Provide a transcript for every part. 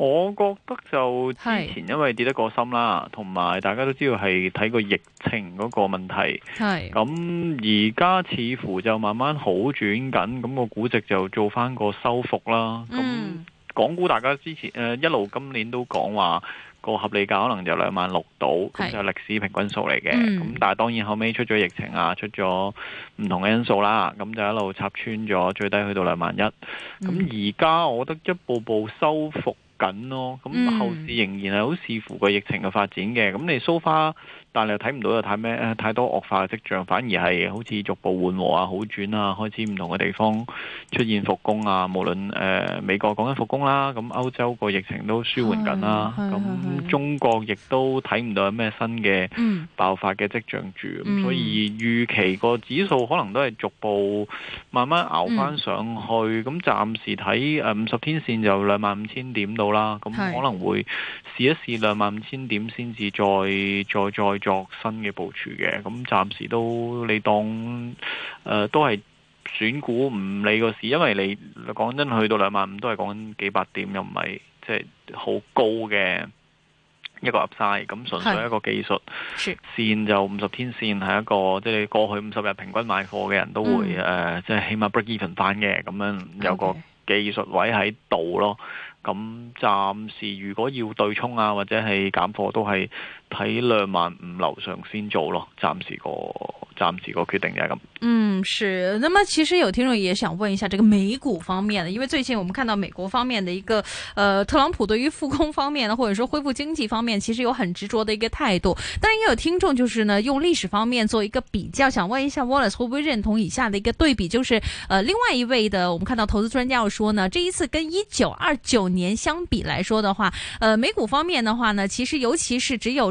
我覺得就之前因為跌得過深啦，同埋是大家都知道係睇個疫情嗰個問題。咁是，而家似乎就慢慢好轉緊，咁、那個估值就做翻個收復啦。咁港股大家之前、呃、一路今年都講話個合理價可能就兩萬六度，是就係歷史平均數嚟嘅。咁、嗯、但係當然後尾出咗疫情啊，出咗唔同嘅因素啦，咁就一路插穿咗，最低去到兩萬一。咁而家我覺得一步步收復緊咯，咁後市仍然係好視乎個疫情嘅發展嘅，咁你蘇花。但係又睇唔到又太咩？太多惡化嘅跡象，反而係好似逐步緩和啊、好轉啊，開始唔同嘅地方出現復工啊。無論誒、呃、美國講緊復工啦，咁歐洲個疫情都舒緩緊啦。咁中國亦都睇唔到有咩新嘅爆發嘅跡象住，咁所以預期個指數可能都係逐步慢慢熬返上去。咁暫時睇誒五十天線就兩萬五千點到啦。咁可能會。試一試兩萬五千點先至再再再作新嘅部署嘅。咁暫時都你當誒、呃、都係選股唔理個市，因為你講真去到兩萬五都係講緊幾百點，又唔係即係好高嘅一個 upside，咁純粹一個技術線就五十天線係一個即係、你、過去五十日平均買貨嘅人都會誒即係起碼 break even 翻嘅，咁樣有個技術位喺度咯。咁暫時，如果要對沖啊，或者係減貨都係，都係。睇兩萬五樓上先做咯，暫時個暫時個決定也係咁。嗯，是。那麼其實有聽眾也想問一下，這個美股方面因為最近我們看到美國方面的一個，呃，特朗普對於復工方面呢，或者說恢復經濟方面，其實有很執着的一個態度。但也有聽眾就是呢，用歷史方面做一個比較，想問一下 Wallace 會不會認同以下的一個對比，就是，呃，另外一位的，我們看到投資專家又說呢，這一次跟一九二九年相比來說的話，呃，美股方面的話呢，其實尤其是只有。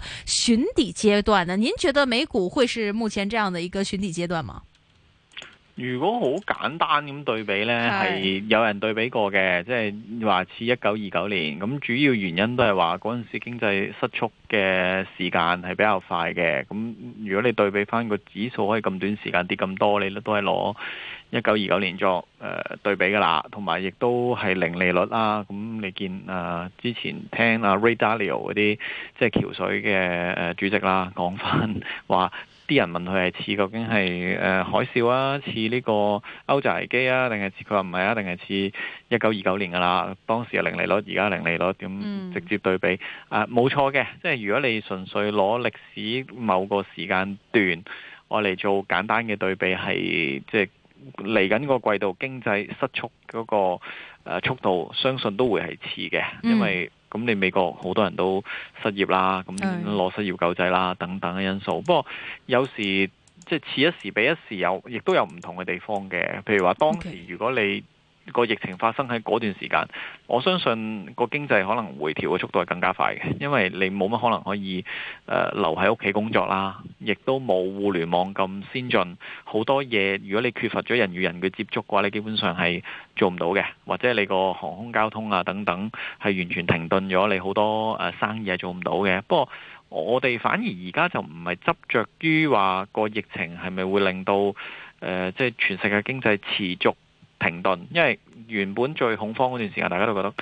尋底階段呢？您覺得美股會是目前這樣的一個尋底階段嗎？如果好簡單咁對比呢，係是有人對比過嘅，即係話似一九二九年咁，主要原因都係話嗰陣時經濟失速嘅時間係比較快嘅。咁如果你對比翻個指數可以咁短時間跌咁多，你都都係攞一九二九年作誒、呃、對比噶啦，同埋亦都係零利率啦、啊、咁。你見啊、呃，之前聽啊 Ray Dalio 嗰啲即係橋水嘅誒、呃、主席啦，講翻話啲人問佢係似究竟係誒、呃、海嘯啊，似呢個歐債危機啊，定係似佢話唔係啊，定係似一九二九年噶啦，當時係零利率，而家零利率，點直接對比、mm. 啊？冇錯嘅，即係如果你純粹攞歷史某個時間段，我嚟做簡單嘅對比，係即係嚟緊個季度經濟失速嗰、那個。誒、啊，速度相信都會係似嘅，因為咁你美國好多人都失業啦，咁、嗯、攞失業救濟啦等等嘅因素。不過有時即係似一時比一時有，亦都有唔同嘅地方嘅。譬如話當時如果你。Okay. 個疫情發生喺嗰段時間，我相信個經濟可能回調嘅速度係更加快嘅，因為你冇乜可能可以誒、呃、留喺屋企工作啦，亦都冇互聯網咁先進，好多嘢，如果你缺乏咗人與人嘅接觸嘅話，你基本上係做唔到嘅，或者你個航空交通啊，等等係完全停頓咗，你好多誒、呃、生意係做唔到嘅。不過我哋反而而家就唔係執着於話個疫情係咪會令到誒即係全世界經濟持續。停頓，因為原本最恐慌嗰段時間大家都覺得、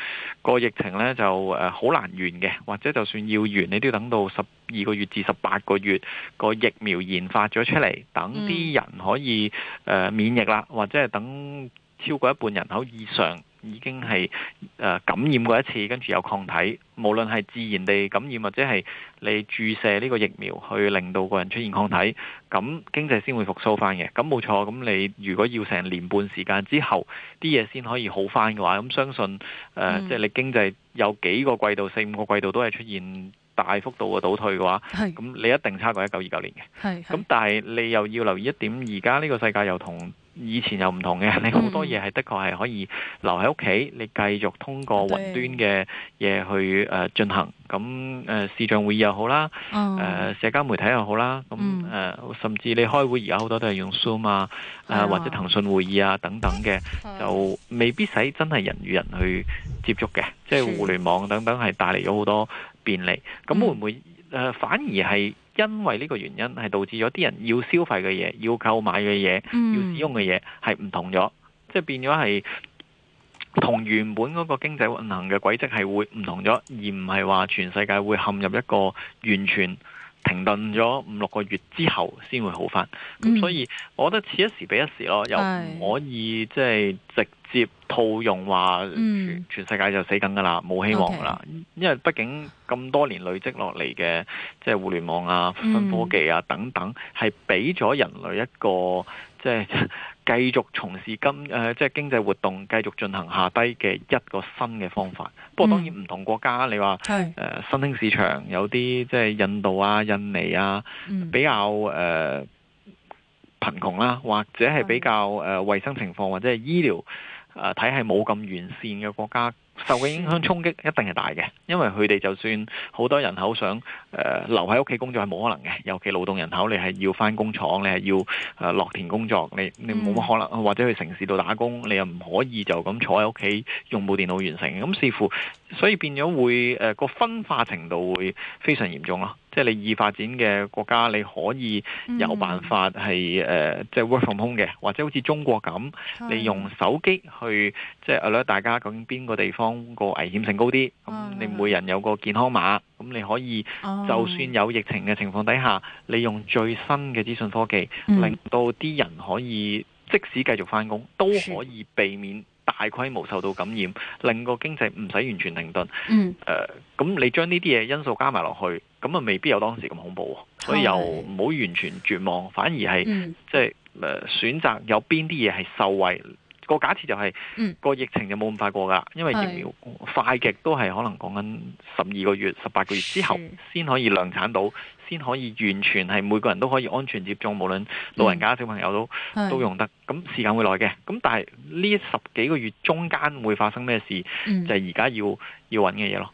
個疫情咧就誒好、呃、難完嘅，或者就算要完，你都要等到十二個月至十八個月、個疫苗研發咗出嚟，等啲人可以誒、呃、免疫啦，或者係等超過一半人口以上。已經係誒、呃、感染過一次，跟住有抗體，無論係自然地感染或者係你注射呢個疫苗去令到個人出現抗體，咁、嗯、經濟先會復甦翻嘅。咁冇錯，咁你如果要成年半時間之後啲嘢先可以好翻嘅話，咁相信誒，呃嗯，即係你經濟有幾個季度、四五個季度都係出現大幅度嘅倒退嘅話，咁是你一定差過一九二九年嘅。咁是但係你又要留意一點，而家呢個世界又同。以前又唔同嘅，你好多嘢係的確係可以留喺屋企，嗯、你繼續通過雲端嘅嘢去誒進對行，咁誒、呃、視像會議又好啦，誒、嗯呃、社交媒體又好啦，咁、嗯、誒、嗯、甚至你開會而家好多都係用 Zoom 啊，啊或者騰訊會議啊等等嘅，啊、就未必使真係人與人去接觸嘅，是啊、即係互聯網等等係帶嚟咗好多便利，咁會唔會誒、嗯呃、反而係？因為呢個原因係導致咗啲人要消費嘅嘢、要購買嘅嘢、要使用嘅嘢係唔同咗，嗯、即係變咗係同原本嗰個經濟運行嘅軌跡係會唔同咗，而唔係話全世界會陷入一個完全停頓咗，五六個月之後先會好翻。咁、嗯、所以我覺得此一時彼一時咯，又唔可以即係直接套用話，全世界就死梗㗎喇，冇、嗯、希望啦。Okay, 因為畢竟咁多年累積落嚟嘅，即、就、係、是、互聯網啊、新科技啊等等，係俾咗人類一個即係、就是、繼續從事金誒，即、呃、係、就是、經濟活動繼續進行下低嘅一個新嘅方法。嗯、不過當然唔同國家，你話誒是、呃、新興市場有啲即係印度啊、印尼啊，嗯、比較誒、呃、貧窮啦、啊，或者係比較誒衞是、呃、生情況或者係醫療。誒體系冇咁完善嘅國家，受嘅影響衝擊一定係大嘅，因為佢哋就算好多人口想誒、呃、留喺屋企工作係冇可能嘅，尤其勞動人口你，你係要翻工廠，你係要誒落田工作，你你冇乜可能，或者去城市度打工，你又唔可以就咁坐喺屋企用部電腦完成，咁視乎。所以變咗會誒、呃、個分化程度會非常嚴重咯、啊，即係你易發展嘅國家，你可以有辦法係誒即係 work from home 嘅，或者好似中國咁,你用手機去即係誒,大家究竟邊個地方個危險性高啲,咁你每人有個健康碼,咁你可以就算有疫情嘅情況底下,你用最新嘅資訊科技,令到啲人可以即使繼續返工都可以避免。大規模受到感染，令個經濟唔使完全停頓。嗯、呃，誒，咁你將呢啲嘢因素加埋落去，咁啊未必有當時咁恐怖。所以又唔好完全絕望，反而係即係誒選擇有邊啲嘢係受惠。個假設就係個疫情就冇咁快過㗎，嗯、因為疫苗快極都係可能講緊十二個月、十八個月之後先可以量產到，先是可以完全係每個人都可以安全接種，無論老人家、小朋友都、嗯、都用得。咁時間會耐嘅，咁但係呢十幾個月中間會發生咩事？嗯、就係而家要要搵嘅嘢咯。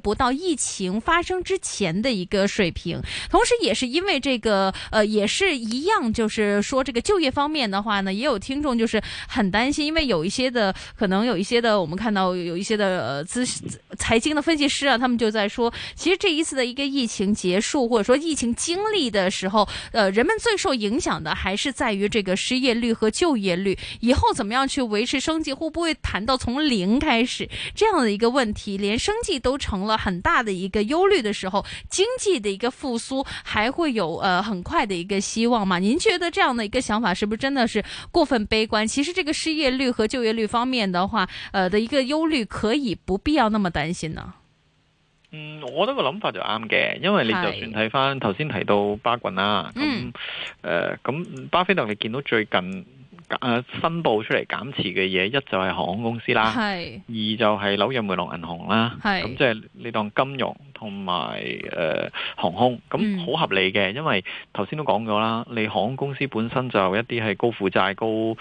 不到疫情發生之前的一個水平，同時也是因為這個，呃，也是一樣，就是說這個就業方面的話呢，也有聽眾就是很擔心，因為有一些的，可能有一些的，我們看到有一些的呃資財經的分析師啊，他們就在說，其實這一次的一個疫情結束或者說疫情經歷的時候，呃，人們最受影響的還是在於這個失業率和就業率，以後怎麼樣去維持生計，會不會談到從零開始這樣的一個問題，連生計都成了。很大的一個憂慮的時候，經濟的一個復甦還會有呃很快的一個希望嘛？您覺得這樣的一個想法是不是真的是過分悲觀？其實這個失業率和就業率方面的話，呃的一個憂慮可以不必要那麼擔心呢？嗯，我覺得個諗法就啱嘅，因為你就算睇翻頭先提到巴郡啦，咁誒咁巴菲特你見到最近。誒申報出嚟減持嘅嘢，一就係航空公司啦，是二就係紐約梅隆銀行啦，咁即係你當金融同埋誒航空，咁好合理嘅，嗯、因為頭先都講咗啦，你航空公司本身就有一啲係高負債、高誒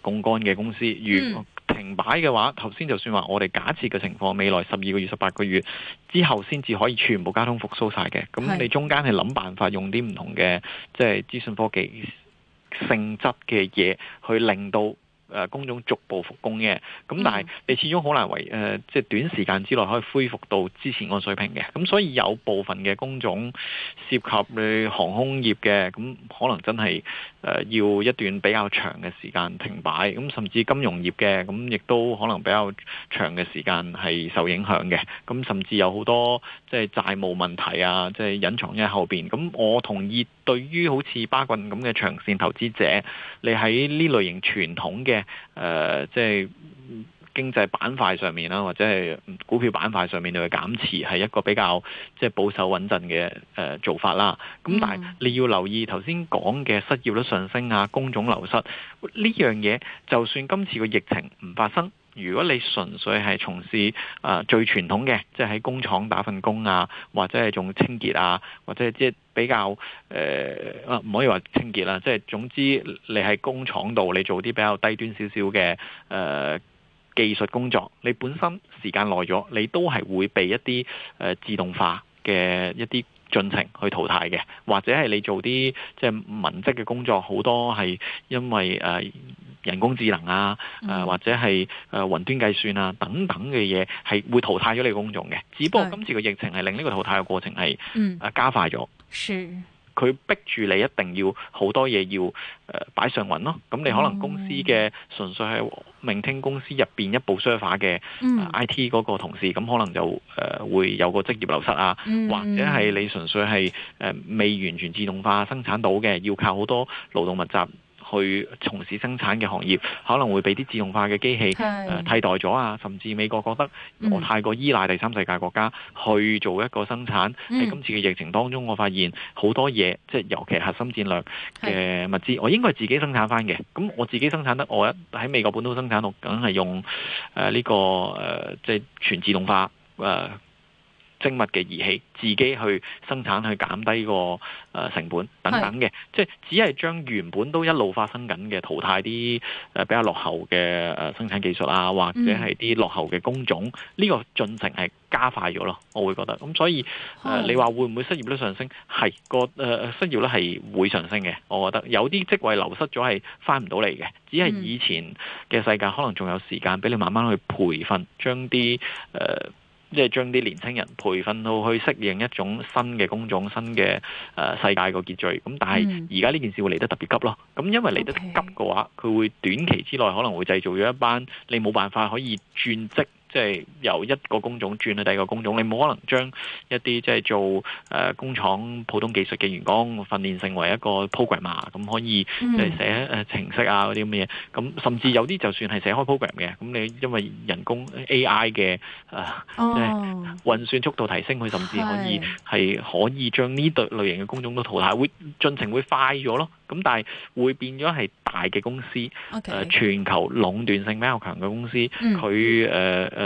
槓桿嘅公司，如果、嗯、停擺嘅話，頭先就算話我哋假設嘅情況，未來十二個月、十八個月之後先至可以全部交通復甦晒嘅，咁你中間係諗辦法用啲唔同嘅即係資訊科技。性質嘅嘢去令到誒工種逐步復工嘅，咁但係你始終好難為誒，即係短時間之內可以恢復到之前個水平嘅。咁所以有部分嘅工種涉及你航空業嘅，咁可能真係誒要一段比較長嘅時間停擺。咁甚至金融業嘅，咁亦都可能比較長嘅時間係受影響嘅。咁甚至有好多即係債務問題啊，即係隱藏喺後邊。咁我同意。對於好似巴郡咁嘅長線投資者，你喺呢類型傳統嘅即係經濟板塊上面啦，或者係股票板塊上面度減持，係一個比較即係、就是、保守穩陣嘅做法啦。咁但係你要留意頭先講嘅失業率上升啊、工種流失呢樣嘢，就算今次個疫情唔發生，如果你純粹係從事、呃、最傳統嘅，即係喺工廠打份工啊，或者係做清潔啊，或者係即係。比較誒唔可以話清潔啦，即係總之你喺工廠度，你做啲比較低端少少嘅誒技術工作，你本身時間耐咗，你都係會被一啲誒自動化嘅一啲進程去淘汰嘅，或者係你做啲即係文職嘅工作，好多係因為誒人工智能啊，誒或者係誒雲端計算啊等等嘅嘢係會淘汰咗你嘅工種嘅。只不過今次嘅疫情係令呢個淘汰嘅過程係加快咗。嗯佢逼住你一定要好多嘢要誒擺、呃、上雲咯，咁你可能公司嘅純粹係聆聽公司入邊一部的 server 嘅 IT 嗰個同事，咁可能就誒、呃、會有個職業流失啊，嗯、或者係你純粹係誒、呃、未完全自動化生產到嘅，要靠好多勞動密集。去從事生產嘅行業可能會俾啲自動化嘅機器是、呃、替代咗啊！甚至美國覺得我太過依賴第三世界國家、嗯、去做一個生產。喺今次嘅疫情當中，我發現好多嘢，即係尤其核心戰略嘅物資，是我應該係自己生產翻嘅。咁我自己生產得，我喺美國本土生產，我梗係用誒呢、呃呢個誒、呃、即係全自動化誒。呃精密嘅儀器，自己去生產去減低個誒、呃、成本等等嘅，是即係只係將原本都一路發生緊嘅淘汰啲誒比較落後嘅誒生產技術啊，或者係啲落後嘅工種，呢、嗯、個進程係加快咗咯，我會覺得。咁所以誒、呃、是你話會唔會失業率上升？係、個誒、呃、失業率係會上升嘅，我覺得有啲職位流失咗係翻唔到嚟嘅，嗯、只係以前嘅世界可能仲有時間俾你慢慢去培訓，將啲誒。呃即係將啲年青人培訓到去適應一種新嘅工種、新嘅誒世界個秩序。咁但係而家呢件事會嚟得特別急咯。咁因為嚟得急嘅話，佢 Okay. 會短期之內可能會製造咗一班你冇辦法可以轉職。即係由一個工種轉去第二個工種，你冇可能將一啲即係做誒工廠普通技術嘅員工訓練成為一個 programmer 啊，咁可以嚟寫誒程式啊啲咁嘅嘢。咁甚至有啲就算係寫開 program 嘅，咁你因為人工 AI 嘅誒即係運算速度提升，佢甚至可以係可以將呢對類型嘅工種都淘汰，會進程會快咗咯。咁但係會變咗係大嘅公司誒全球壟斷性比較強嘅公司，佢誒誒。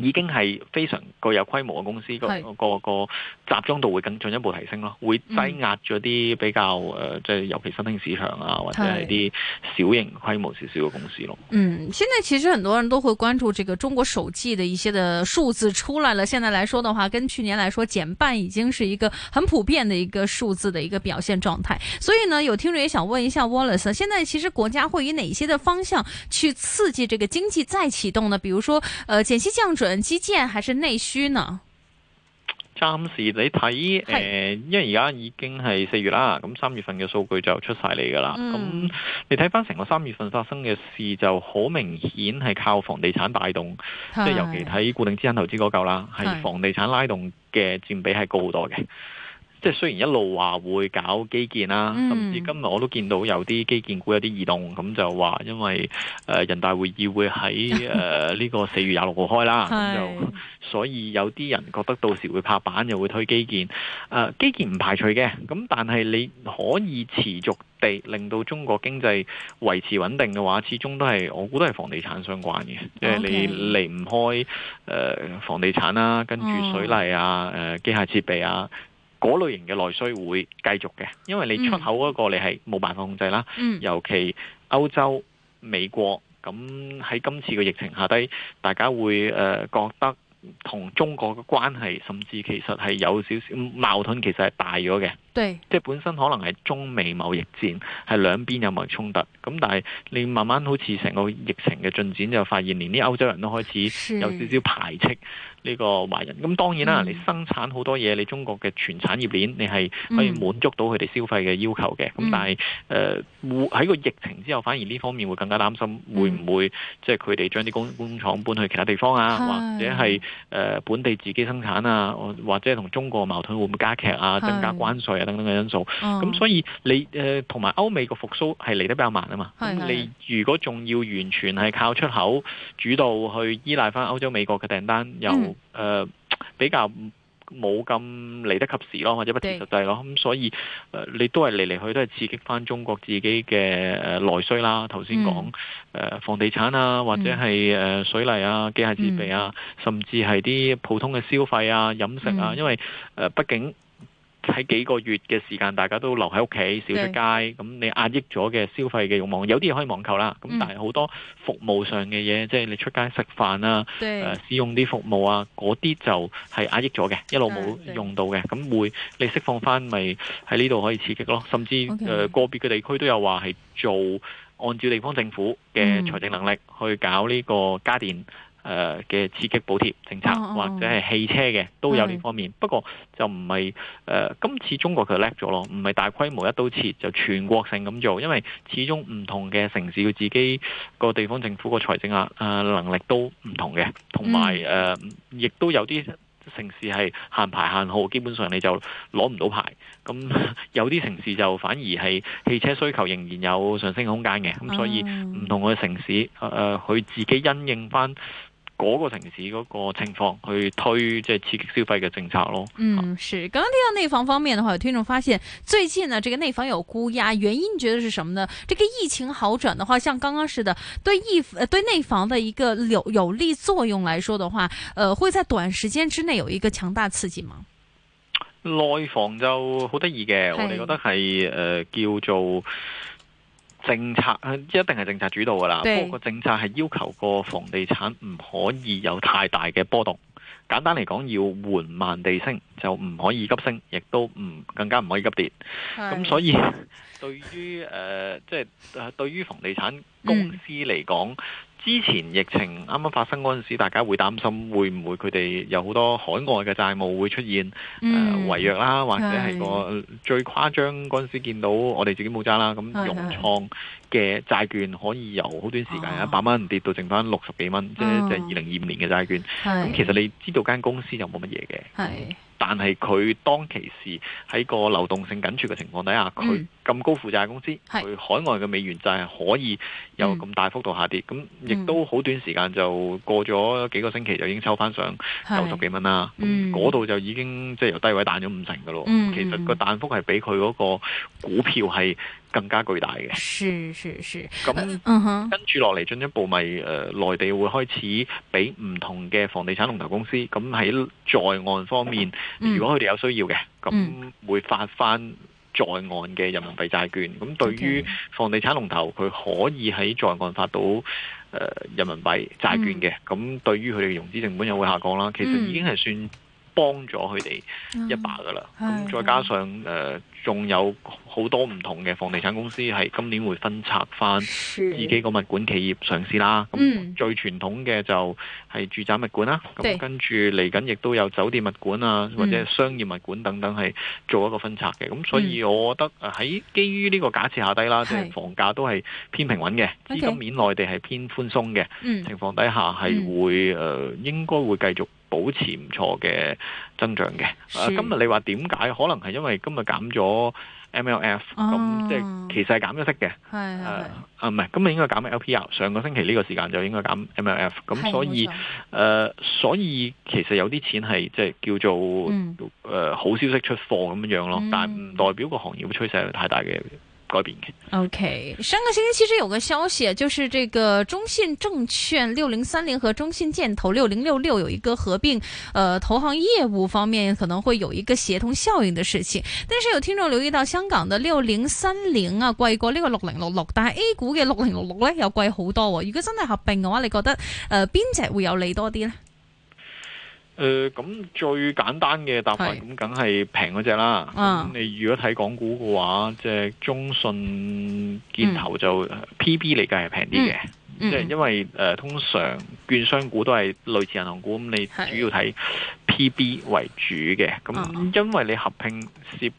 已經是非常具有規模嘅公司是個個集中度會更進一步提升咯，嗯、會擠壓咗啲比較誒，即、呃、係尤其新興市場啊，或者係啲小型規模少少嘅公司咯。嗯，現在其實很多人都會關注這個中國首季的一些的數字出來了。現在來說的話，跟去年來說減半已經是一個很普遍嘅一個數字嘅一個表現狀態。所以呢，有聽眾也想問一下 Wallace，現在其實國家會以哪些嘅方向去刺激這個經濟再啟動呢？比如說，呃，減息降準。基建還是內需呢？暫時你睇誒、呃，因為而家已經係四月啦，咁三月份嘅數據就出晒嚟噶啦。咁、嗯、你睇翻成個三月份發生嘅事，就好明顯係靠房地產帶動，即係是尤其睇固定資產投資嗰嚿啦，係房地產拉動嘅佔比係高好多嘅。即係雖然一路話會搞基建啦，甚至今日我都見到有啲基建股有啲異動，咁就話因為誒、呃、人大會議會喺誒呢個四月廿六號開啦，就所以有啲人覺得到時會拍板又會推基建。誒、呃，基建唔排除嘅，咁但係你可以持續地令到中國經濟維持穩定嘅話，始終都係我估都係房地產相關嘅，Okay. 即係你離唔開誒、呃、房地產啦，跟住水泥啊，誒、呃、機械設備啊。嗰類型嘅內需會繼續嘅，因為你出口嗰個你係冇辦法控制啦。嗯嗯、尤其歐洲、美國咁喺今次嘅疫情下底，大家會、呃、覺得同中國嘅關係，甚至其實係有少少矛盾，其實係大咗嘅。對，即係本身可能係中美貿易戰，係兩邊有貿易衝突。咁但係你慢慢好似成個疫情嘅進展，就發現連啲歐洲人都開始有少少排斥。呢個華人咁當然啦，你生產好多嘢，嗯、你中國嘅全產業鏈你係可以滿足到佢哋消費嘅要求嘅。咁、嗯、但係誒喺個疫情之後反而呢方面會更加擔心會唔會，會唔會即係佢哋將啲工工廠搬去其他地方啊？嗯、或者係誒、呃、本地自己生產啊？或者同中國矛盾會唔會加劇啊？嗯、增加關稅啊等等嘅因素。咁、嗯、所以你誒同埋歐美個復甦係嚟得比較慢啊嘛。嗯、你如果仲要完全係靠出口主導去依賴翻歐洲美國嘅訂單、嗯、又？誒、呃，比較冇咁嚟得及時咯，或者不切實際咯，咁、嗯、所以誒、呃，你都係嚟嚟去都係刺激翻中國自己嘅誒內需啦。頭先講誒房地產啊，或者係誒、呃、水泥啊、機械設備啊，嗯、甚至係啲普通嘅消費啊、飲食啊，因為誒畢、呃、竟。喺幾個月嘅時間，大家都留喺屋企，少出街，咁對你壓抑咗嘅消費嘅欲望，有啲嘢可以網購啦。咁、嗯、但係好多服務上嘅嘢，即係你出街食飯啊，誒對、呃、使用啲服務啊，嗰啲就係壓抑咗嘅，一路冇用到嘅，咁會你釋放翻咪喺呢度可以刺激咯。甚至誒 okay,、呃、個別嘅地區都有話係做按照地方政府嘅財政能力去搞呢個家電。誒嘅、呃、刺激補貼政策，哦哦、或者係汽車嘅都有呢方面，的不過就唔係誒今次中國佢叻咗咯，唔係大規模一刀切就全國性咁做，因為始終唔同嘅城市佢自己個地方政府個財政啊、呃、能力都唔同嘅，同埋誒亦都有啲城市係限牌限號，基本上你就攞唔到牌，咁有啲城市就反而係汽車需求仍然有上升空間嘅，咁所以唔同嘅城市誒佢、嗯呃、自己因應翻。嗰個城市嗰個情況去推，即係刺激消費嘅政策咯。嗯，是。剛剛聽到內房方面的話，有聽眾發現最近呢、啊，這個內房有沽壓，原因覺得是什麼呢？這個疫情好轉的話，像剛剛似的，對疫對內房的一個有有利作用來說的話，呃，會在短時間之內有一個強大刺激嗎？內房就好得意嘅，我哋覺得係誒是、呃、叫做。政策一定係政策主導㗎喇，對不過政策係要求個房地產唔可以有太大嘅波動。簡單嚟講，要緩慢地升，就唔可以急升，亦都唔更加唔可以急跌。咁對所以，對於誒，即、呃、係、就是、對於房地產公司嚟講。嗯之前疫情啱啱發生嗰陣時，大家會擔心會唔會佢哋有好多海外嘅債務會出現誒、嗯呃、違約啦，或者係個最誇張嗰陣時見到我哋自己冇揸啦，咁融創嘅債券可以由好短時間一百蚊跌到剩翻六十幾蚊，啊、即係即係二零二五年嘅債券。咁、嗯、其實你知道間公司又冇乜嘢嘅，係是，但係佢當其時喺個流動性緊缺嘅情況底下，佢、嗯。咁高負債嘅公司，佢是海外嘅美元債可以有咁大幅度下跌，咁亦、嗯、都好短時間就過咗幾個星期就已經抽翻上九十幾蚊啦。咁嗰度就已經即係由低位彈咗五成㗎咯。嗯、其實個彈幅係比佢嗰個股票係更加巨大嘅。咁跟住落嚟進一步咪、就、內、是呃嗯、內地會開始俾唔同嘅房地產龍頭公司，咁喺在，在岸方面，嗯、如果佢哋有需要嘅，咁、嗯、會發翻。在岸嘅人民幣債券，咁對於房地產龍頭，佢可以喺在,在岸發到，呃，人民幣債券嘅，咁對於佢哋嘅融資成本又會下降啦。其實已經係算幫咗佢哋一把噶啦，咁、嗯、再加上誒，仲、呃、有好多唔同嘅房地產公司係今年會分拆翻自己個物管企業上市啦。咁、嗯、最傳統嘅就係住宅物管啦，咁對跟住嚟緊亦都有酒店物管啊，或者商業物管等等係做一個分拆嘅。咁、嗯、所以我覺得誒喺基於呢個假設下低啦，即係的房價都係偏平穩嘅，資 Okay 金面內地係偏寬鬆嘅情況底下係會誒、嗯呃、應該會繼續。保持唔錯嘅增長嘅、啊。今日你話點解？可能係因為今日減咗 MLF，咁即係其實係減咗息嘅。係、呃、啊，唔係，今日應該減 LPR。上個星期呢個時間就應該減 MLF。咁所以，誒、呃，所以其實有啲錢係即係叫做誒、嗯呃、好消息出貨咁樣樣咯。但係唔代表個行業嘅趨勢係太大嘅。改變嘅。OK，上個星期其實有個消息，就是這個中信證券六零三零和中信建投六零六六有一個合併，呃，投行業務方面可能會有一個協同效應的事情。但是有聽眾留意到，香港的六零三零啊，貴過呢個六零六六，6 6，但係 A 股嘅六零六六咧，又貴好多喎。如果真係合併嘅話，你覺得呃邊隻會有利多啲呢？誒咁、呃、最簡單嘅答案咁，梗係平嗰隻啦。嗯、啊、你如果睇港股嘅話，即、就、係、是、中信建投就、嗯、P B 嚟計，係平啲嘅。即係因為、呃、通常券商股都係類似銀行股，咁你主要睇 P B 為主嘅。咁是因為你合併涉及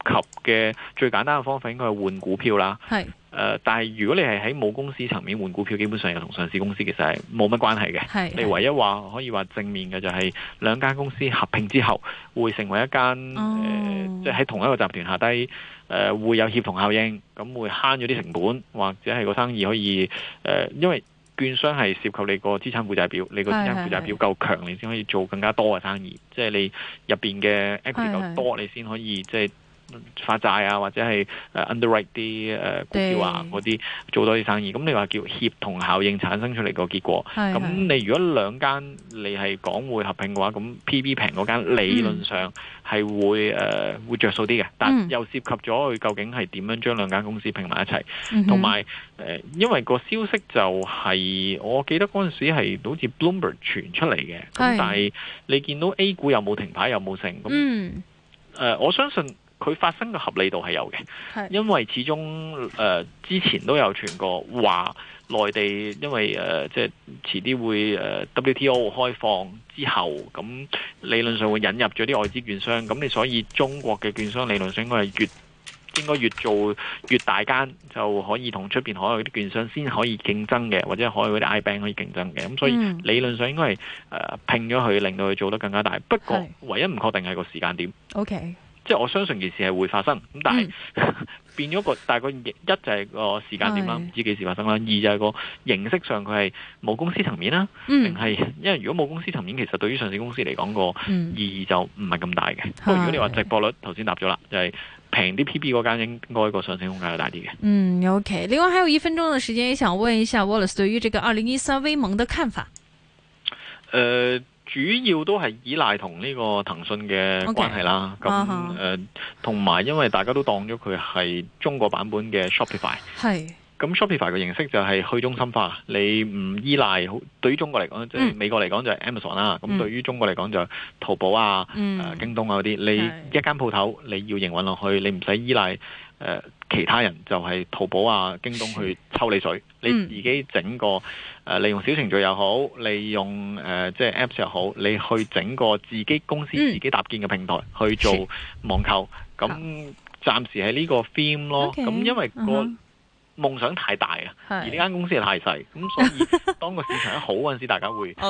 嘅、啊、最簡單嘅方法，應該係換股票啦。誒、呃，但係如果你係喺母公司層面換股票，基本上又同上市公司其實係冇乜關係嘅。是是你唯一話可以話正面嘅就係兩間公司合併之後會成為一間、呃哦、即係喺同一個集團下低、呃、會有協同效應，咁會慳咗啲成本或者係個生意可以、呃、因為券商係涉及你個資產負債表，你個資產負債表夠強是你先可以做更加多嘅生意，是是是即係你入邊嘅 equity 夠是是 多，你先可以即係。發債啊，或者係 underwrite 啲誒股票啊，嗰啲對做多啲生意。咁你話叫協同效應產生出嚟個結果。咁是你如果兩間你係港匯合併嘅話，咁 P/B 平嗰間理論上係會誒、嗯呃、會著數啲嘅。但又涉及咗佢究竟係點樣將兩間公司拼埋一齊。同埋誒，因為個消息就係、是、我記得嗰陣時係好似 Bloomberg 傳出嚟嘅。咁但係你見到 A 股又冇停牌又冇成。咁誒、嗯呃，我相信。佢發生嘅合理度係有嘅，是因為始終誒、呃、之前都有傳過話，內地因為誒、呃、即係遲啲會誒、呃、WTO 開放之後，咁理論上會引入咗啲外資券商，咁你所以中國嘅券商理論上應該係越應該越做越大間，就可以同出邊海外啲券商先可以競爭嘅，或者海外啲 I Bank 可以競爭嘅，咁所以、嗯、理論上應該係誒、呃、拼咗佢，令到佢做得更加大。不過是唯一唔確定係個時間點。OK。即係我相信件事係會發生咁，但係、嗯、變咗個，大概一,一就係個時間點啦，唔、嗯、知幾時發生啦。二就係個形式上佢係冇公司層面啦，定係、嗯、因為如果冇公司層面，其實對於上市公司嚟講個意義就唔係咁大嘅。不過、嗯、如果你話值博率頭先的答咗啦，就係平啲 PB 嗰間應該個上升空間又大啲嘅。嗯，OK。另外還有一分鐘嘅時間，也想問一下 Wallace 對於這個二零一三微盟的看法。誒、呃。主要都係依賴同呢個騰訊嘅關係啦，咁同埋因為大家都當咗佢係中國版本嘅 Shopify，咁是 Shopify 嘅形式就係去中心化，你唔依賴好對於中國嚟講即係、嗯、美國嚟講就係 Amazon 啦、嗯，咁對於中國嚟講就係淘寶啊、嗯呃、京東啊嗰啲，你一間鋪頭你要營運落去，你唔使依賴。呃、其他人就係淘寶啊、京東去抽你水， 你自己整個利、呃、用小程序又好，利用、呃、即係 Apps 又好，你去整個自己公司自己搭建嘅平台 去做網購，咁暫時係呢個 theme 咯。咁、okay, uh huh. 因為個夢想太大啊， 而呢間公司係太細，咁所以當個市場一好陣時 大家會。